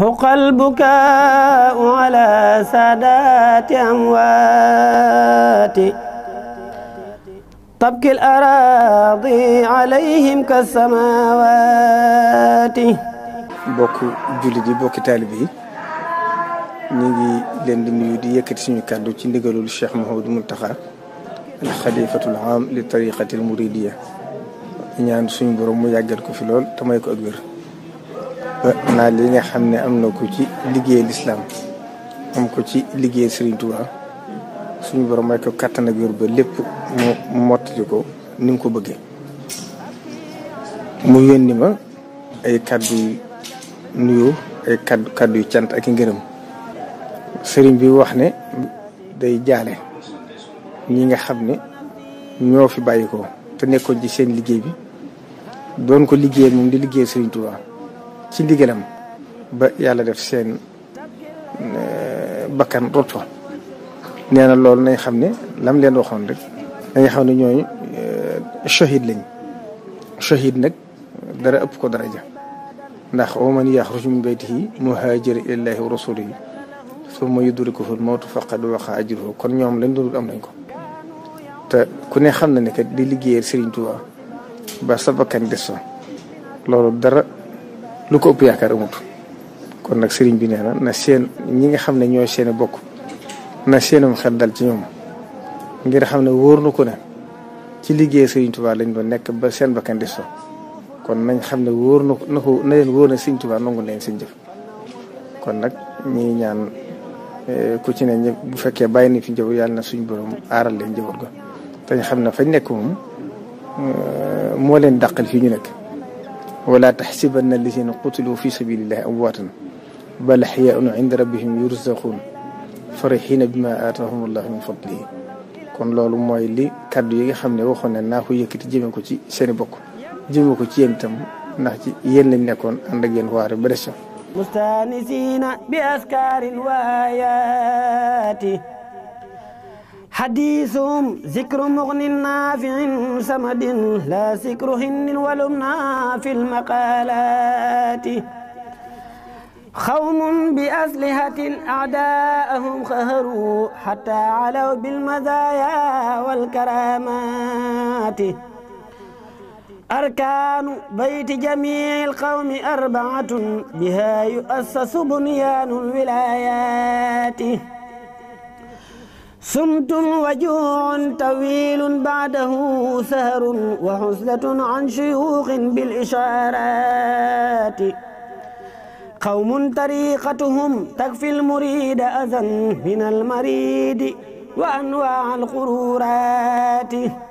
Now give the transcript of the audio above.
حق البكاء على سادات أموات تبكي الأراضي عليهم كالسماوات mbokk jullit yi mbokk taalib yi ñu ngi leen di nuyu di yëkkati suñu kàddu ci ndigalul Cheikh Mouhamadou Mountakha al xalifatul aam li tariqatil muridiya ñaan suñu borom mu yàggal ko fi lool te may ko ak wér naa li nga xam ne am na ko ci liggéey lislaam am ko ci liggéey Serigne Touba suñu borom may ko kattan ak yor ba lépp mu mottali ko ni mu ko bëggee mu yónni ma ay kàddu yu nuyoo ay kàddu yu cant ak i ngërëm sëriñ bi wax ne day jaale ñi nga xam ne ñoo fi bàyyi ko te nekkoon ci seen liggéey bi doon ko liggéey moom di liggéey Serigne Touba ci ndigalam ba yàlla def seen bakkan rot fa nee na loolu nañ xam ne lam leen waxoon rek nañ xam ne ñooñu eh, shahid lañ shahid nag dara ëpp ko daraja ndax wa man yaxruj min baytihi muhaajira ilallaahi wa rasulihi summa yudrikuhu lmawtu faqad waqa ajruhu kon ñoom lañ doonul am nañ ko te ku ne xam na ne kat di liggéeyal Serigne Touba ba sa bakkan des fa loolu dara lu ko ëpp yaakaar amut kon nag sëriñ bi nee na na seen ñi nga xam ne ñooy seen bokk na seenam xel dal ci ñoom ngir xam ne wóor na ko ne ci liggéey sëriñ Tuubaa lañ doon nekk ba seen bakkan des fa kon nañ xam ne wóor na na ko na leen wóor na sëriñ jëf kon nag ñu ñaan eh, ku ci ne ñëpp bu fekkee bàyyi na fi njaboot yàlla na suñ borom aaral leen njaboot ga te xam ne fañ nekk moom eh, moo leen dàqal fii ñu nekk wala taxsibanna alladina qutilu fi sabilillahi amwaatan bal axyaun inda rabbihim yurzaquun farixina bima aatahum allahu min fadlihi kon loolu mooy li kàddu yi nga xam ne waxoon ne naa ko yëkkati jëme ko ci seeni bokk jëme ko ci yéen itam ndax ci yéen lañ nekkoon ànd ak yéen waare ba des mustaanisiina bi askaarin waayaati حديثهم ذكر مغن نافع سمد لا ذكر هن ولمنا في المقالات قوم بأسلحة أعداءهم خهروا حتى علوا بالمزايا والكرامات أركان بيت جميع القوم أربعة بها يؤسس بنيان الولايات sumtum wajuhun tawilun baadahu saharun wa xuslatun an shuyuuxin bil ishaaraati qawmun tariqatuhum takfil murida azan min almaridi wa anwaa alxururaati